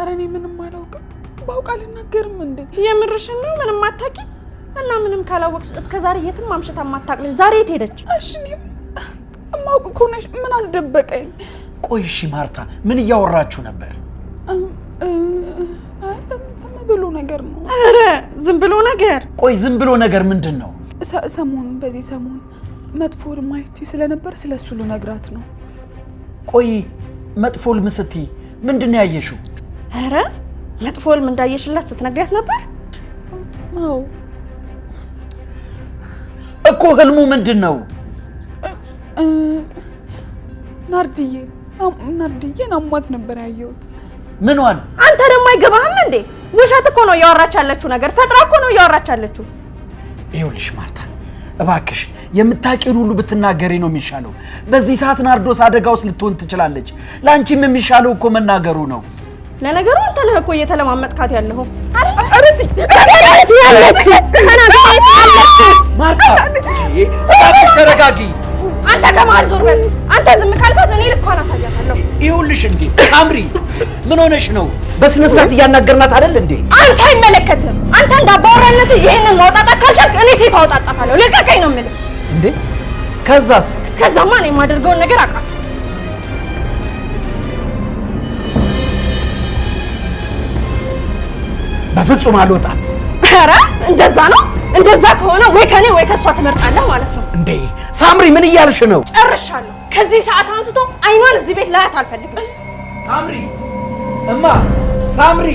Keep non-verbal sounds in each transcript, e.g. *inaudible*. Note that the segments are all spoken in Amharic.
ኧረ እኔ ምንም አላውቅም። ባውቅ አልናገርም እንዴ? የምርሽን ነው? ምንም አታውቂም? እና ምንም ካላወቅሽ እስከ ዛሬ የትም አምሽታ የማታውቅልሽ ዛሬ የት ሄደች? እሺ እማውቅ እኮ ምን አስደበቀኝ? ቆይ እሺ ማርታ፣ ምን እያወራችሁ ነበር? ዝም ብሎ ነገር ነው። ኧረ ዝም ብሎ ነገር። ቆይ ዝም ብሎ ነገር ምንድን ነው? ሰሞኑን በዚህ ሰሞን መጥፎ ህልም አይቼ ልነግራት ነው። ቆይ መጥፎ ምንድን ነው ያየሽው? ኧረ መጥፎ ህልም እንዳየሽላት ስትነግሪያት ነበር ነው እኮ። ህልሙ ምንድን ነው? ናርድዬ ናርድዬን አሟት ነበር ያየሁት። ምኗን? አንተ ደግሞ አይገባህም እንዴ? ውሸት እኮ ነው እያወራች ያለችው ነገር፣ ፈጥራ እኮ ነው እያወራች ያለችው። ይኸውልሽ ማርታ እባክሽ የምታቂር ሁሉ ብትናገሪ ነው የሚሻለው። በዚህ ሰዓት ናርዶስ አደጋ ውስጥ ልትሆን ትችላለች። ለአንቺም የሚሻለው እኮ መናገሩ ነው። ለነገሩ አንተ ነህ እኮ እየተለማመጥካት ያለሁ። ማርታ ተረጋጊ አንተ ከመሀል ዞር በል። አንተ ዝም ካልካት እኔ ልኳን አሳያታለሁ። ይኸውልሽ እንዴ አምሪ፣ ምን ሆነሽ ነው? በስነ ስርዓት እያናገርናት አይደል እንዴ? አንተ አይመለከትም። አንተ እንዳባወራነት ይሄንን ማውጣጣት ካልቻልክ እኔ ሴት አውጣጣታለሁ። ልቀቀኝ ነው የምልህ። እንዴ ከዛስ? ከዛማ እኔ የማደርገውን ነገር አውቃለሁ። በፍጹም አልወጣም። ኧረ እንደዛ ነው። እንደዛ ከሆነ ወይ ከኔ ወይ ከእሷ ትመርጣለህ ማለት ነው እንዴ ሳምሪ ምን እያልሽ ነው? ጨርሻለሁ። ከዚህ ሰዓት አንስቶ አይኗን እዚህ ቤት ላያት አልፈልግም። ሳምሪ እማ፣ ሳምሪ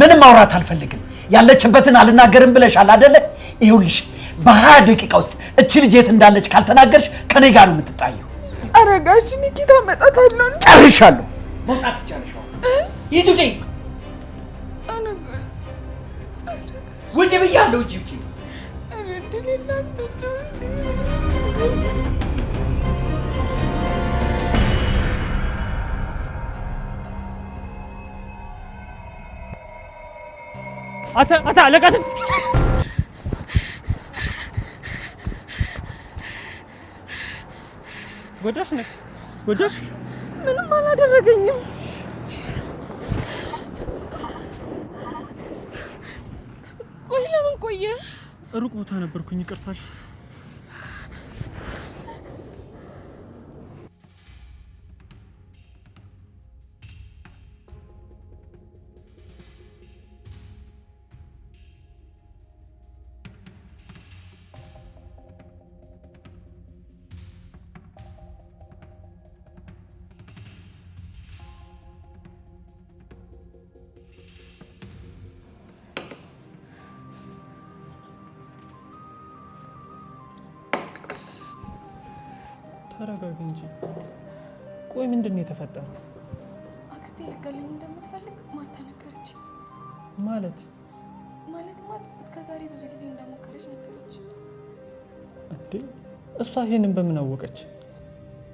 ምንም ማውራት አልፈልግም። ያለችበትን አልናገርም ብለሻል አይደለ? ይኸውልሽ በሀያ ደቂቃ ውስጥ እቺ ልጅ የት እንዳለች ካልተናገርሽ ከኔ ጋር ነው የምትጣየው። አረጋሽ ኒኪታ መጣታለሁ። ጨርሻለሁ። መውጣት ይቻለሻል። ውጭ ብያለሁ። እጅ ውጭ አታ አለቃትም ጎዳሽ ነ ጎዳሽ ምንም አላደረገኝም። ቆየ። ሩቅ ቦታ ነበርኩኝ፣ ይቅርታል። የመጣሁት። አክስቴ ልገለኝ እንደምትፈልግ ማርታ ነገረች። ማለት ማለት ማት እስከ ዛሬ ብዙ ጊዜ እንደሞከረች ነገረች። እንዴ እሷ ይሄንን በምን አወቀች?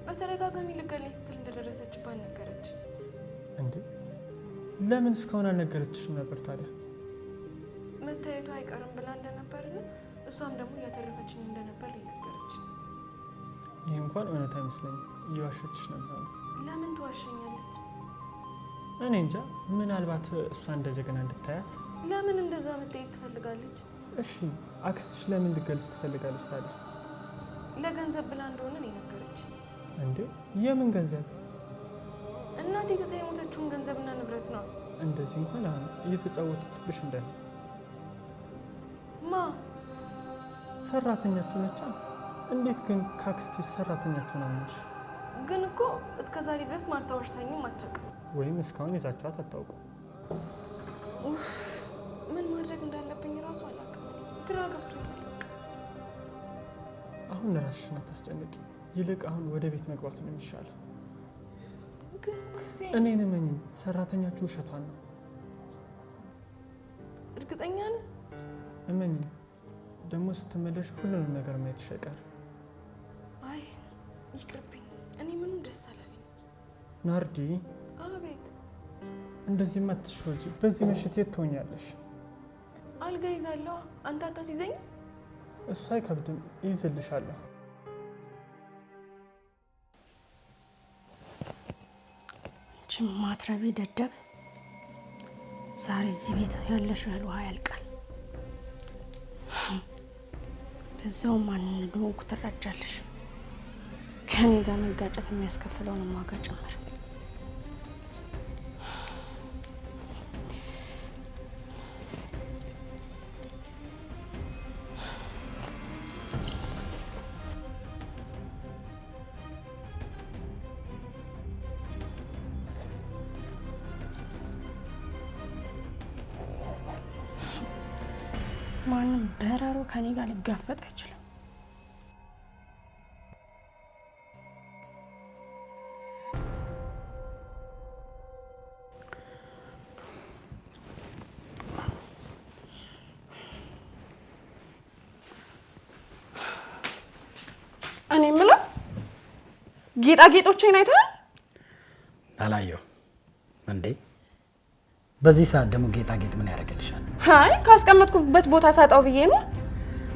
በተደጋጋሚ ልገለኝ ስትል እንደደረሰችባት ነገረች። እንዴ ለምን እስካሁን አልነገረችሽም ነበር ታዲያ? መታየቱ አይቀርም ብላ እንደነበርና እሷም ደግሞ እያተረፈችኝ እንደነበር ይነገረች ይህ እንኳን እውነት አይመስለኝም፣ እየዋሸችሽ ነበር። ለምን ትዋሸኛለች? እኔ እንጃ። ምናልባት እሷ እንደ ጀግና እንድታያት። ለምን እንደዛ መታየት ትፈልጋለች? እሺ አክስትሽ ለምን ልትገልጽ ትፈልጋለች ታዲያ? ለገንዘብ ብላ እንደሆነ ነው የነገረች። እንዴ የምን ገንዘብ? እናቴ ትታ የሞተችውን ገንዘብና ንብረት ነው። እንደዚህ እንኳን አሁን እየተጫወተችብሽ እንዳይሆን። ማ ሰራተኛችሁ ነቻ? እንዴት ግን ከአክስትሽ ሰራተኛችሁ ነው ግን እኮ እስከ ዛሬ ድረስ ማርታ ዋሽታኝም አታውቅም፣ ወይም እስካሁን ይዛችኋት አታውቁም። ምን ማድረግ እንዳለብኝ ራሱ አላውቅም። ግራ ገብቶኛል። አሁን ለራስሽን አታስጨንቂ። ይልቅ አሁን ወደ ቤት መግባቱ ነው የሚሻለው። እኔ እመኚኝ፣ ሰራተኛችሁ ውሸቷን ነው። እርግጠኛ ነህ? እመኝ ደግሞ ስትመለሽ ሁሉንም ነገር ማየት ይሸቀር ናርዲ አቤት እንደዚህ ማትሾጂ በዚህ ምሽት የት ትሆኛለሽ አልጋ ይዛለሁ አንተ አታስይዘኝ እሱ አይከብድም ይይዝልሻለሁ አንቺም ማትረቢ ደደብ ዛሬ እዚህ ቤት ያለሽ ያህል ውሃ ያልቃል በዛው ማንን ትረጃለሽ ከኔ ጋር መጋጨት የሚያስከፍለውን ዋጋ ጭምር ሊጋፈጥ አይችልም። እኔ የምለው ጌጣጌጦቼን አይተሃል? አላየው እንዴ? በዚህ ሰዓት ደግሞ ጌጣጌጥ ምን ያደርግልሻል? አይ ካስቀመጥኩበት ቦታ ሳጣው ብዬ ነው።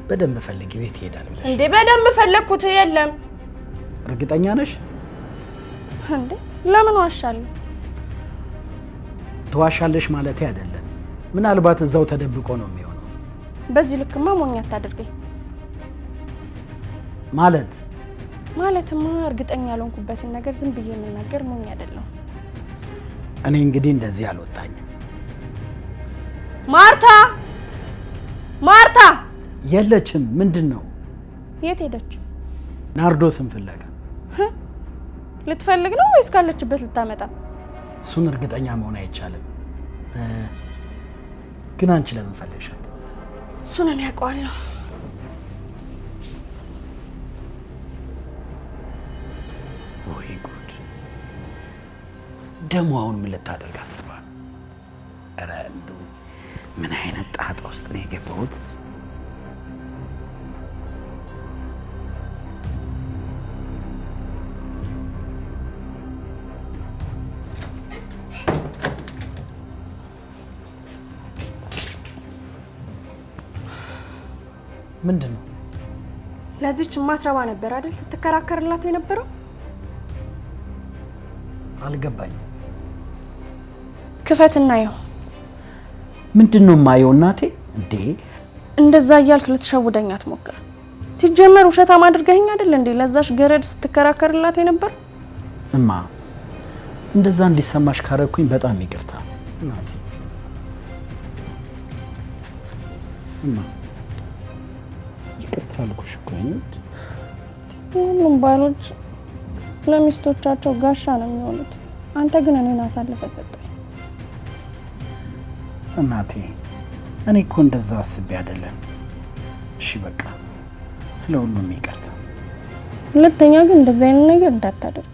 በደንብ ፈልጊ፣ ቤት ይሄዳል ብለሽ እንዴ? በደንብ ፈለግኩት። የለም። እርግጠኛ ነሽ እንዴ? ለምን ዋሻለሁ? ትዋሻለሽ ማለት አይደለም። ምናልባት እዛው ተደብቆ ነው የሚሆነው። በዚህ ልክማ ሞኝ አታደርገኝ። ማለት ማለትማ እርግጠኛ ያልሆንኩበትን ነገር ዝም ብዬ የምናገር ሞኝ አይደለሁም። እኔ እንግዲህ እንደዚህ አልወጣኝም። ማርታ ማርታ የለችም። ምንድን ነው? የት ሄደች? ናርዶስን ፍለጋ። ልትፈልግ ነው ወይስ ካለችበት ልታመጣ? እሱን እርግጠኛ መሆን አይቻልም። ግን አንቺ ለምን ፈለግሻት? እሱን እኔ አውቀዋለሁ። ወይ ጉድ! ደሞ አሁን ምን ልታደርግ አስባል? ኧረ እንደው ምን አይነት ጣጣ ውስጥ ነው የገባሁት? ለዚች ማትረባ ነበር አይደል ስትከራከርላት የነበረው? አልገባኝም። ክፈት እና ምንድን ነው የማየው እናቴ? እንዴ እንደዛ እያልክ ልትሸውደኝ አትሞክር። ሲጀመር ውሸታም አድርገኝ አይደል እንዴ ለዛች ገረድ ስትከራከርላት የነበር? እማ እንደዛ እንዲሰማሽ ካረኩኝ በጣም ይቅርታ እናቴ። እማ አልኩሽ ቆይት ሁሉም ባሎች ለሚስቶቻቸው ጋሻ ነው የሚሆኑት። አንተ ግን እኔን አሳልፈ ሰጠኝ። እናቴ እኔ እኮ እንደዛ አስቤ አይደለም። እሺ በቃ ስለ ሁሉም ይቅርታ። ሁለተኛ ግን እንደዚ አይነት ነገር እንዳታደርግ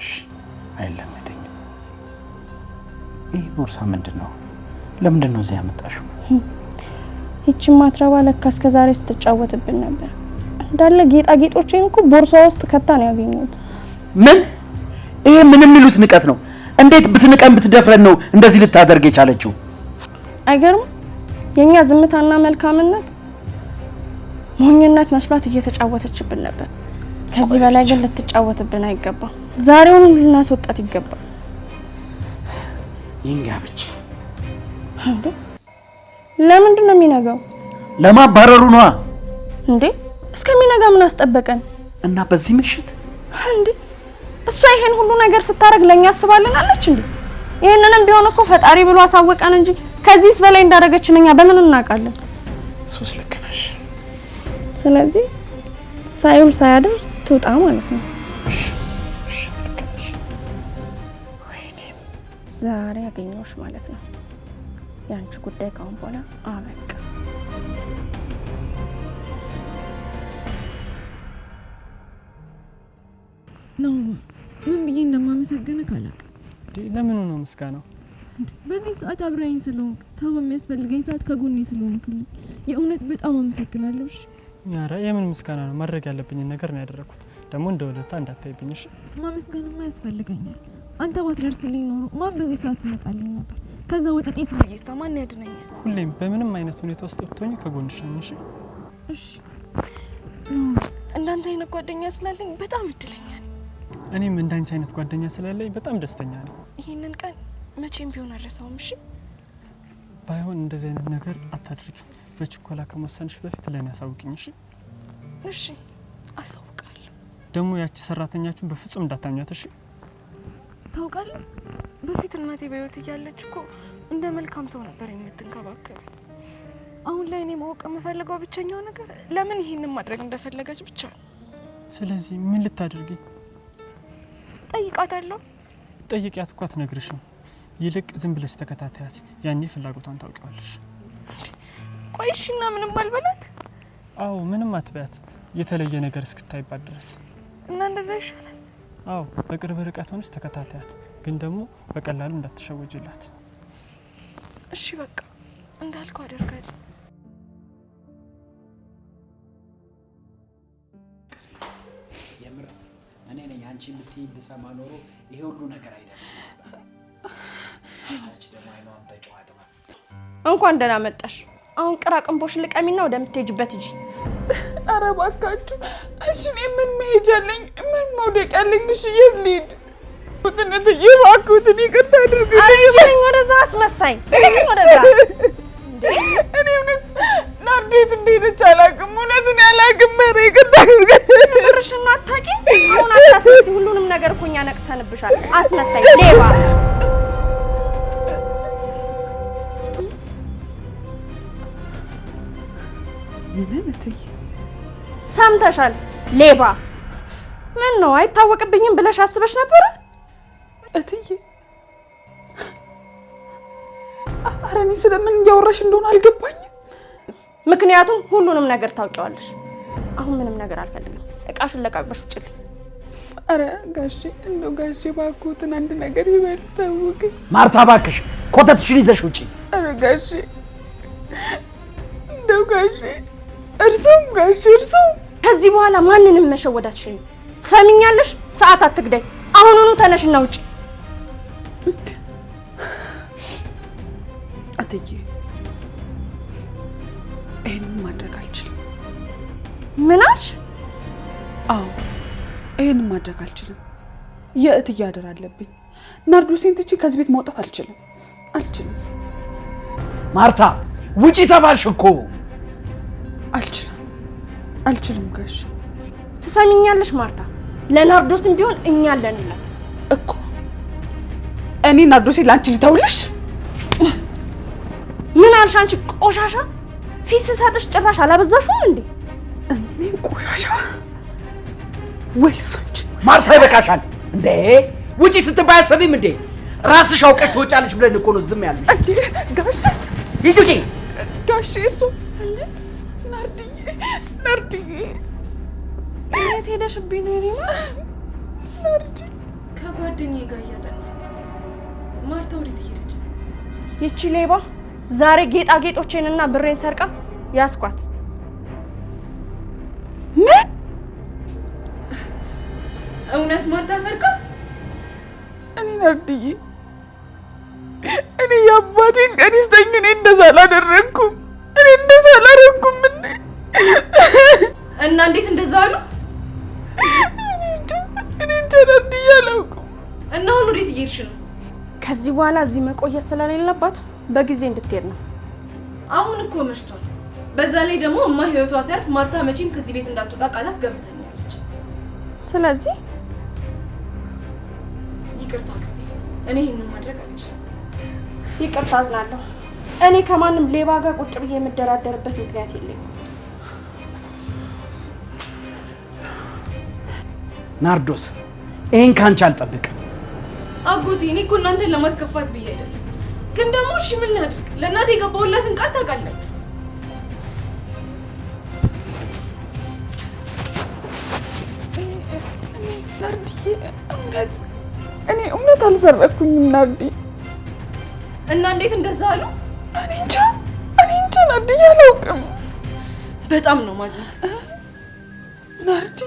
እሺ። አይለመደኝም። ይህ ቦርሳ ምንድን ነው? ለምንድን ነው እዚህ ያመጣሹ? ይቺ ማትረባ ለካ እስከ ዛሬ ስትጫወትብን ነበር። እንዳለ ጌጣጌጦቼን እኮ ቦርሷ ውስጥ ከታ ነው ያገኘሁት። ምን ይሄ ምን የሚሉት ንቀት ነው? እንዴት ብትንቀን ብትደፍረን ነው እንደዚህ ልታደርግ የቻለችው? አይገርም። የእኛ ዝምታና መልካምነት ሞኝነት መስሏት እየተጫወተችብን ነበር። ከዚህ በላይ ግን ልትጫወትብን አይገባም። ዛሬውን ልናስወጣት ይገባል። ይንጋ ብቻ ለምንድን ነው የሚነጋው? ለማባረሩ ነዋ። እንዴ እስከሚነጋ ምን አስጠበቀን? እና በዚህ ምሽት እንዴ እሷ ይሄን ሁሉ ነገር ስታደርግ ለኛ አስባልናለች እንዴ? ይሄንንም ቢሆን እኮ ፈጣሪ ብሎ አሳወቀን እንጂ ከዚህስ በላይ እንዳደረገችን እኛ በምን እናውቃለን? ሶስት ልክ ነሽ። ስለዚህ ሳይውል ሳያድር ትውጣ ማለት ነው። ዛሬ አገኘሁሽ ማለት ነው። የአንቺ ጉዳይ ካሁን በኋላ አበቃ። ነው ምን ብዬ እንደማመሰግንህ አላውቅም። ለምኑ ነው ምስጋናው? በዚህ ሰዓት አብራኝ ስለሆንክ፣ ሰው በሚያስፈልገኝ ሰዓት ከጎኔ ስለሆንክልኝ የእውነት በጣም አመሰግናለሁ። ኧረ የምን ምስጋና ነው? ማድረግ ያለብኝን ነገር ነው ያደረግኩት። ደግሞ እንደ ውለታ እንዳታይብኝ እሺ። ማመስገንማ ያስፈልገኛል። አንተ ባትደርስልኝ ኖሮ ማን በዚህ ሰዓት ይመጣልኝ ነበር? ከዛ ወጥጤ ስም እየሰማ ማን ያድነኛል? ሁሌም በምንም አይነት ሁኔታ ውስጥ ወጥቶኝ ከጎንሽ ነሽ። እሺ እንዳንተ አይነት ጓደኛ ስላለኝ በጣም እድለኛ ነኝ። እኔም እንዳንቺ አይነት ጓደኛ ስላለኝ በጣም ደስተኛ ነኝ። ይሄንን ቀን መቼም ቢሆን አረሳውም። እሺ ባይሆን እንደዚህ አይነት ነገር አታድርጊ። በችኮላ ከመወሰንሽ በፊት ለእኔ አሳውቅኝ። እሺ እሺ፣ አሳውቃለሁ። ደግሞ ያቺ ሰራተኛችሁ በፍጹም እንዳታምኛት። እሺ ታውቃለህ በፊት እናቴ በህይወት እያለች እኮ እንደ መልካም ሰው ነበር የምትንከባከብ። አሁን ላይ እኔ ማወቅ የምፈልገው ብቸኛው ነገር ለምን ይህንን ማድረግ እንደፈለገች ብቻ ነው። ስለዚህ ምን ልታደርግኝ? ጠይቃታለሁ። ጠይቂያት እኮ አትነግርሽም። ይልቅ ዝም ብለሽ ተከታታያት፣ ያኔ ፍላጎቷን ታውቂዋለሽ። ቆይሽና ምንም አልበላት? አዎ ምንም አትበያት፣ የተለየ ነገር እስክታይባት ድረስ እና እንደዛ ይሻላል። አዎ በቅርብ ርቀት ሆነሽ ተከታታያት። ግን ደግሞ በቀላሉ እንዳትሸወጅላት። እሺ በቃ እንዳልኩ አደርጋለሁ። የምር እኔ ነኝ አንቺ ብትይ ብሰማ ኖሮ ይሄ ሁሉ ነገር አይደርስም። እንኳን ደህና መጣሽ። አሁን ቅራቅንቦሽ ልቀሚና ወደምትሄጅበት እጂ። ኧረ እባካችሁ እሺ፣ እኔ ምን መሄጃለኝ? ምን መውደቂያለኝ? እሺ የት ልሂድ? ነት እባክዎትን ይቅርታ አድርግልኝ። ወደዛ አስመሳይ ወደዛ *laughs* እኔ እውነት ናርዴት እንደት አላውቅም። ኧረ ይቅርታ አሁን አታስመሲ። ሁሉንም ነገር እኮ እኛ ነቅተንብሻል። አስመሳይ ሌባ ሰምተሻል? ሌባ ምን ነው አይታወቅብኝም ብለሽ አስበሽ ነበር ስለምን እያወራሽ እንደሆነ አልገባኝም። ምክንያቱም ሁሉንም ነገር ታውቂዋለሽ። አሁን ምንም ነገር አልፈልግም። እቃሽን ለቃቅበሽ ውጭልኝ። አረ ጋሼ፣ እንደው ጋሼ እባክዎትን አንድ ነገር ይበሉ። ታወቀ ማርታ፣ እባክሽ ኮተትሽን ይዘሽ ውጪ። አረ ጋሼ፣ እንደው ጋሼ፣ እርሱም ጋሼ፣ እርሱም ከዚህ በኋላ ማንንም መሸወዳችን ሰሚኛለሽ። ሰዓት አትግዳይ። አሁኑኑ ተነሽና ውጪ። እትዬ፣ ይህንን ማድረግ አልችልም። ምን አዎ ይህንን ማድረግ አልችልም። የእትዬ አደራ አለብኝ። ናርዶሴን ትቼ ከዚህ ቤት ማውጣት አልችልም፣ አልችልም። ማርታ ውጪ ተባልሽ እኮ። አልችልም፣ አልችልም ጋሽ። ትሰሚኛለሽ ማርታ፣ ለናርዶስም ቢሆን እኛ አለንላት እኮ። እኔ ናርዶሴን ለአንቺ ልተውልሽ አልሽ አንቺ ቆሻሻ? ፊት ስሰጥሽ ጭራሽ አላበዛሽም እንዴ? እኔ ቆሻሻ ወይስ አንቺ? ማርታ ይበቃሻል እንዴ! ውጪ ስትባይ አሰቢም እንዴ? ራስሽ አውቀሽ ትወጫለሽ ብለን እኮ ነው ዝም ያለሽ እንዴ ጋሽ ይጂ ውጪ ጋሽ እሱ እንዴ ናርድዬ፣ ናርድዬ የት ሄደሽብኝ ነው? እኔማ ናርድ ከጓደኛዬ ጋር እያጠናሁ ማርታ ወዴት ሄደች? ይቺ ሌባ ዛሬ ጌጣጌጦቼንና ብሬን ሰርቃ ያስኳት። ምን እውነት ማርታ ሰርቃ? እኔ ናርድዬ፣ እኔ የአባቴን ቀን ይስጠኝ። እኔ እንደዛ አላደረግኩም። እኔ እንደዛ አላደረግኩም። ምን እና እንዴት እንደዛ አሉ? እኔ እንጃ ናርድዬ፣ አላውቅም። እና አሁን ወዴት እየሄድሽ ነው? ከዚህ በኋላ እዚህ መቆየት ስለሌለባት በጊዜ እንድትሄድ ነው። አሁን እኮ መሽቷል። በዛ ላይ ደግሞ እማ ህይወቷ ሲያልፍ ማርታ መቼም ከዚህ ቤት እንዳትወጣ ቃል አስገብተኛለች። ስለዚህ ይቅርታ አክስቴ፣ እኔ ይህንን ማድረግ አልችልም። ይቅርታ አዝናለሁ። እኔ ከማንም ሌባ ጋር ቁጭ ብዬ የምደራደርበት ምክንያት የለኝም። ናርዶስ፣ ይህን ከአንቺ አልጠብቅም። አጎቴ፣ እኔ እኮ እናንተን ለማስከፋት ብዬ አይደለም ግን ደግሞ እሺ ምን እናድርግ? ለእናት የገባሁላትን ቃል ታውቃላችሁ። እኔ እውነት አልሰረኩኝም ናርዲ። እና እንዴት እንደዛ አሉ? እኔ እንጃ እኔ እንጃ ናርዲ፣ አላውቅም። በጣም ነው ማዘን ናርዲ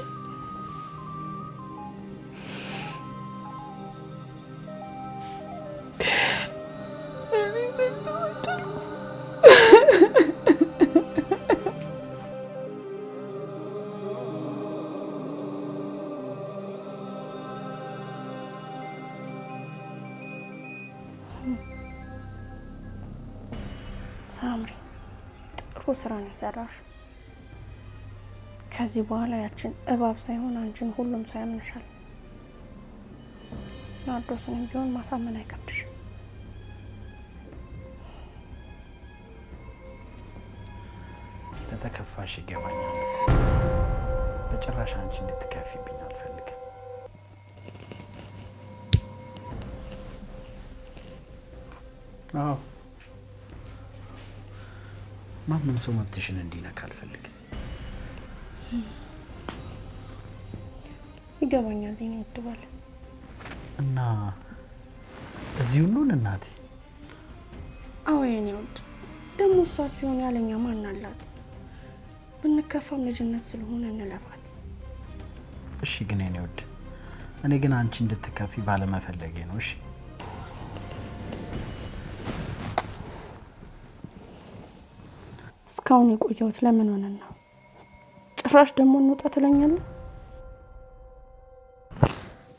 ስራ ነው የሰራሽ። ከዚህ በኋላ ያችን እባብ ሳይሆን አንቺን ሁሉም ሰው ያምንሻል። ናርዶስንም ቢሆን ማሳመን አይከብድሽ። ለተከፋሽ ይገባኛል። በጭራሽ አንቺ እንድትከፊብኝ አልፈልግም። አዎ ማንም ሰው መብትሽን እንዲነካ አልፈልግም። ይገባኛል ወድባል እና እዚህ ሁሉን እናቴ። አዎ የኔ ውድ፣ ደግሞ እሷስ ቢሆን ያለኛ ማን አላት? ብንከፋም ልጅነት ስለሆነ እንለፋት። እሺ ግን የኔ ውድ፣ እኔ ግን አንቺ እንድትከፊ ባለመፈለጌ ነው። እሺ እስካሁን የቆየሁት ለምን ሆነን ነው? ጭራሽ ደግሞ እንውጣ ትለኛለህ?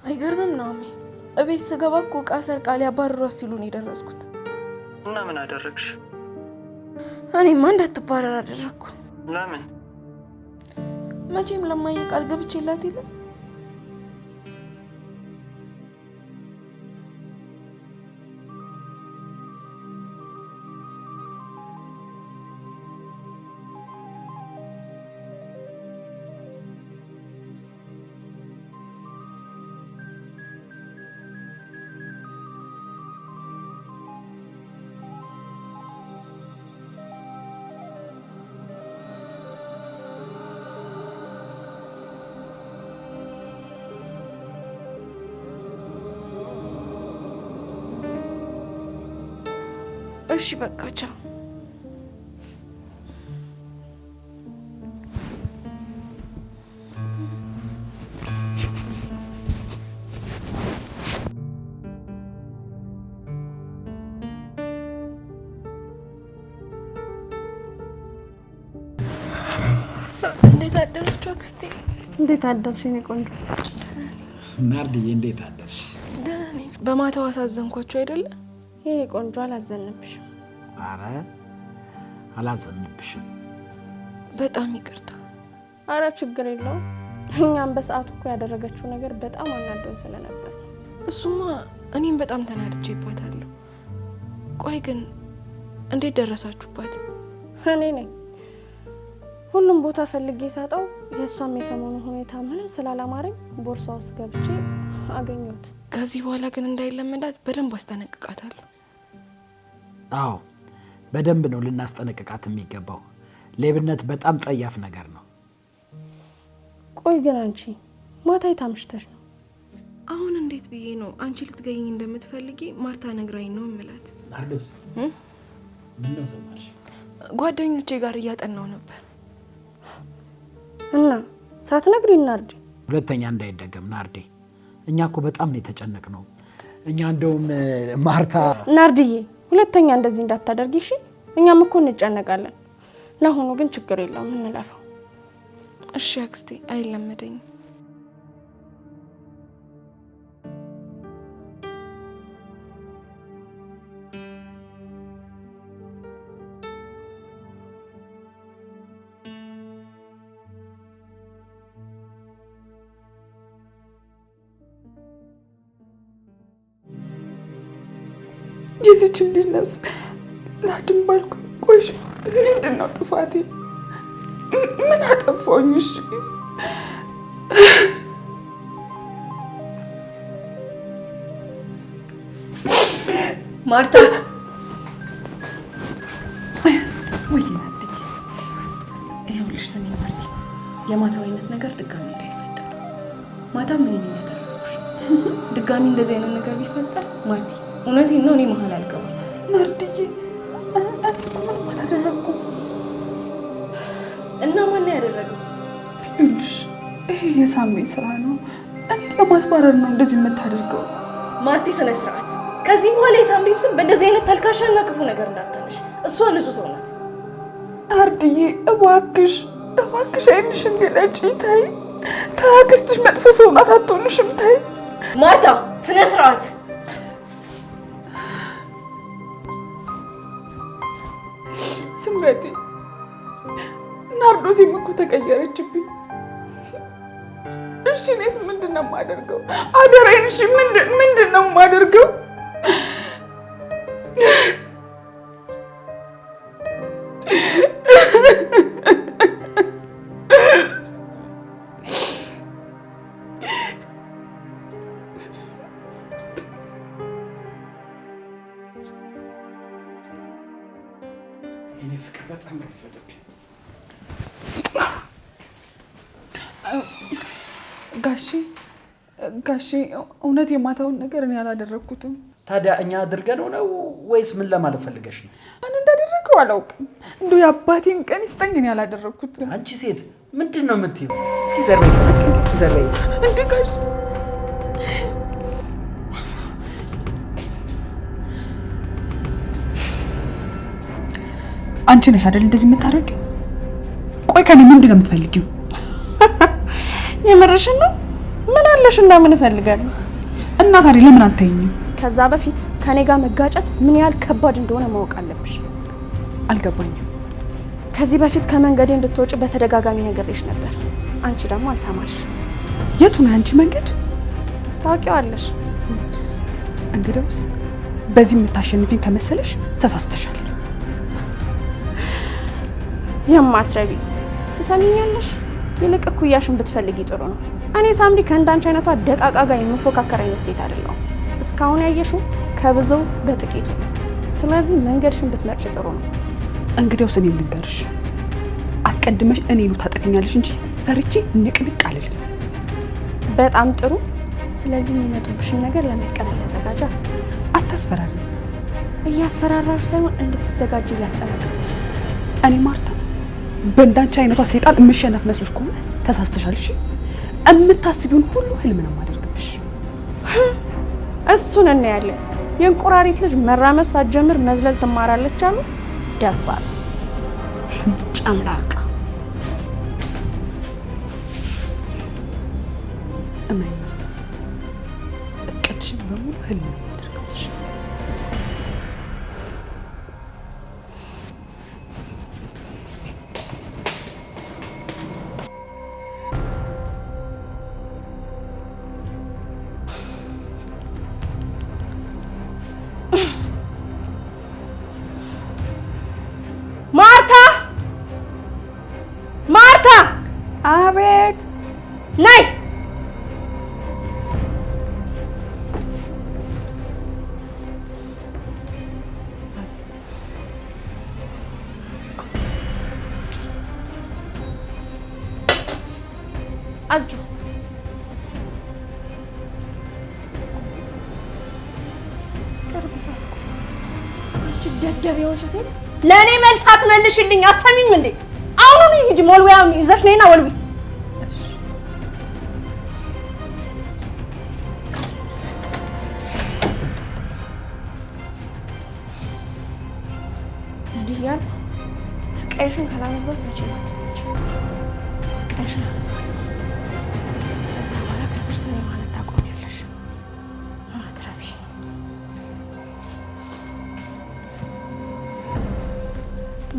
አይገርምም ናሚ። እቤት ስገባ እኮ እቃ ሰርቃ ሊያባርሯት ሲሉ ሲሉን የደረስኩት። እና ምን አደረግሽ? እኔማ እንዳትባረር አደረግኩ። ለምን? መቼም ለማየቃል ገብቼላት የለም እሺ በቃ ቻው። እንዴት አደረች አክስቴ? እንዴት አደርሽ የኔ ቆንጆ? ናርድዬ እንዴት አደርሽ? ደህና ነኝ። በማታው አሳዘንኳቸው አይደለ? ይሄ ቆንጆ አላዘነብሽም። አረ አላዘንብሽም። በጣም ይቅርታ። አረ ችግር የለውም። እኛም በሰዓቱ እኮ ያደረገችው ነገር በጣም አናዶን ስለነበር እሱማ እኔም በጣም ተናድጄባታለሁ። ቆይ ግን እንዴት ደረሳችሁባት? እኔ ነኝ ሁሉም ቦታ ፈልጌ ሳጠው የእሷም የሰሞኑ ሁኔታ ምንም ስላላማረኝ ቦርሳ ውስጥ ገብቼ አገኘሁት። ከዚህ በኋላ ግን እንዳይለመዳት በደንብ አስጠነቅቃታለሁ። አዎ በደንብ ነው ልናስጠነቅቃት የሚገባው። ሌብነት በጣም ጸያፍ ነገር ነው። ቆይ ግን አንቺ ማታ የታምሽተሽ ነው? አሁን እንዴት ብዬ ነው አንቺ ልትገኝ እንደምትፈልጊ ማርታ ነግራኝ ነው የምላት። ጓደኞቼ ጋር እያጠናው ነበር እና ሳትነግሪ ናርዲ ሁለተኛ እንዳይደገም ናርዴ። እኛ እኮ በጣም ነው የተጨነቅ ነው። እኛ እንደውም ማርታ ናርድዬ ሁለተኛ እንደዚህ እንዳታደርጊ እሺ። እኛም እኮ እንጨነቃለን። ለአሁኑ ግን ችግር የለውም እንለፈው። እሺ አክስቴ፣ አይለመደኝም የዚች እንዲህ ነፍስ ናድን ባልኩ። ቆይ ምንድን ነው ጥፋቴ? ምን እሺ ማርታ ማርቲ፣ የማታው አይነት ነገር ድጋሚ እንዳይፈጠር ማታ ምን ድጋሚ እንደዚህ አይነት ነገር ቢፈጠር ማርቲ እውነቴን ነው። እኔ መሀል አልገባም ናርድዬ። እኮ ምንም አላደረኩም። እና ማን ያደረገው? ይኸውልሽ ይሄ የሳምሪ ስራ ነው። እኔን ለማስባረር ነው እንደዚህ የምታደርገው። ማርቲ፣ ስነ ስርዓት። ከዚህ በኋላ የሳምሪ ስም በእንደዚህ አይነት ተልካሻና ክፉ ነገር እንዳታነሽ። እሷ ንጹህ ሰው ናት። ናርድዬ፣ እባክሽ እባክሽ፣ አይንሽን ገለጪ። ታይ ታክስትሽ መጥፎ ሰው ናት፣ አትሆንሽም። ታይ ማርታ፣ ስነ ስርዓት ስምረቴ ናርዶሲም እኮ ተቀየረችብኝ። እሺ እኔስ ምንድን ነው የማደርገው? አደራዬን፣ እሺ ምንድን ነው የማደርገው? እሺ፣ እውነት የማታውን ነገር እኔ አላደረግኩትም። ታዲያ እኛ አድርገነው ነው ወይስ ምን ለማለት ፈልገሽ ነው? እኔ እንዳደረገው አላውቅም። እንዲ የአባቴን ቀን ይስጠኝ። እኔ አላደረግኩትም። አንቺ ሴት ምንድን ነው የምትይው? እስኪ ዘርበ ዘርበይ እንደ አንቺ ነሽ አይደል እንደዚህ የምታደርጊው? ቆይ ከኔ ምንድን ነው የምትፈልጊው? የመረሽን ነው አለሽ እና እፈልጋለሁ? እና ታዲያ ለምን አትይኝም? ከዛ በፊት ከኔ ጋር መጋጨት ምን ያህል ከባድ እንደሆነ ማወቅ አለብሽ። አልገባኝም። ከዚህ በፊት ከመንገዴ እንድትወጪ በተደጋጋሚ ነግሬሽ ነበር። አንቺ ደግሞ አልሰማሽ። የቱ ነው አንቺ መንገድ? ታውቂዋለሽ። እንግዲያውስ በዚህ የምታሸንፊኝ ከመሰለሽ ተሳስተሻል። የማትረቢ ትሰሚኛለሽ። ይልቅ እኩያሽን ብትፈልጊ ጥሩ ነው። እኔ ሳምሪ ከእንዳንቺ አይነቷ ደቃቃ ጋር የምፎካከር አይነት ሴት አይደለሁም። እስካሁን ያየሽው ከብዙ በጥቂቱ። ስለዚህ መንገድሽን ብትመርጭ ጥሩ ነው። እንግዲያውስ እኔ ልንገርሽ፣ አስቀድመሽ ነው ታጠፊኛለሽ እንጂ ፈርቼ ንቅንቅ አልል። በጣም ጥሩ። ስለዚህ የሚመጡብሽን ነገር ለመቀበል ተዘጋጃ። አታስፈራሪ። እያስፈራራሽ ሳይሆን እንድትዘጋጅ እያስጠነቀቅሽ። እኔ ማርታ፣ በእንዳንቺ አይነቷ ሴጣን የምሸነፍ መስሎሽ ከሆነ ተሳስተሻልሽ። እምታስቢውን ሁሉ ህልም ነው የማደርግብሽ። እሱን እናያለን። የእንቁራሪት ልጅ መራመድ ሳትጀምር መዝለል ትማራለች አሉ። ደፋር ጨምላቅ የሆንሽ ሴት ለእኔ መልስ አትመልሽልኝ። አሰሚም እንዴ? አሁኑ ሂጂ ሞልዊያ ይዘሽ ነይና ወልዊ። እንዲህ ስቃይሽን ካላበዛሁት መቼ ስቃይሽን አበዛዋለሁ።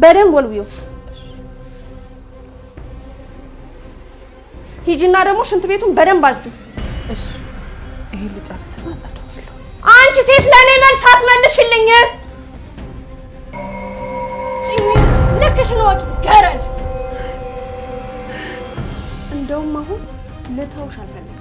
በደንብ ወልውዩ። ሂጂና ደግሞ ሽንት ቤቱን በደንብ አጁ። እሺ፣ ይሄ ልጨርስ ማጸደዋለሁ። አንቺ ሴት ለእኔ መልስ አትመልሽልኝ። ልክሽን ወቂ ገረድ። እንደውም አሁን ልተውሽ አልፈልግም።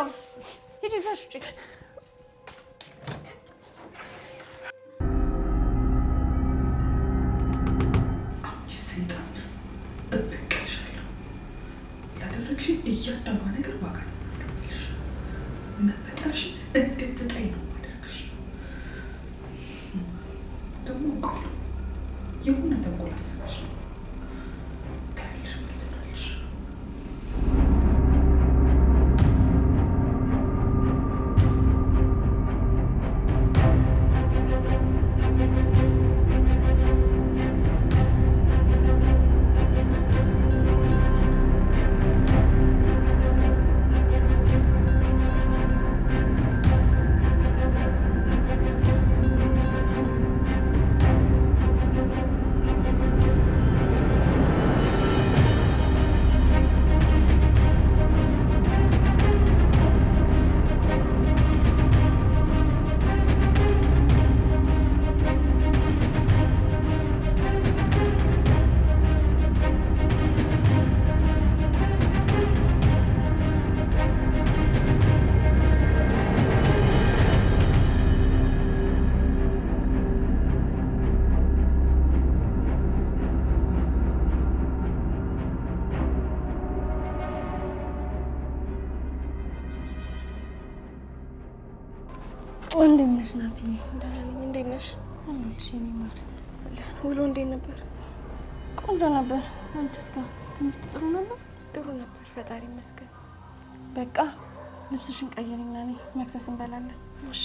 ሄደው ሂጂ ይዘሽ ውጪ እንዴት ነሽ ናትዬ? ደህና ነኝ። እንዴት ነሽ? ውሎ እንዴት ነበር? ቆንጆ ነበር። አንቺስ ጋር ትምህርት ጥሩ ነበር? ጥሩ ነበር፣ ፈጣሪ ይመስገን። በቃ ልብስሽን ቀይሪና መክሰስ እንበላለን። እሺ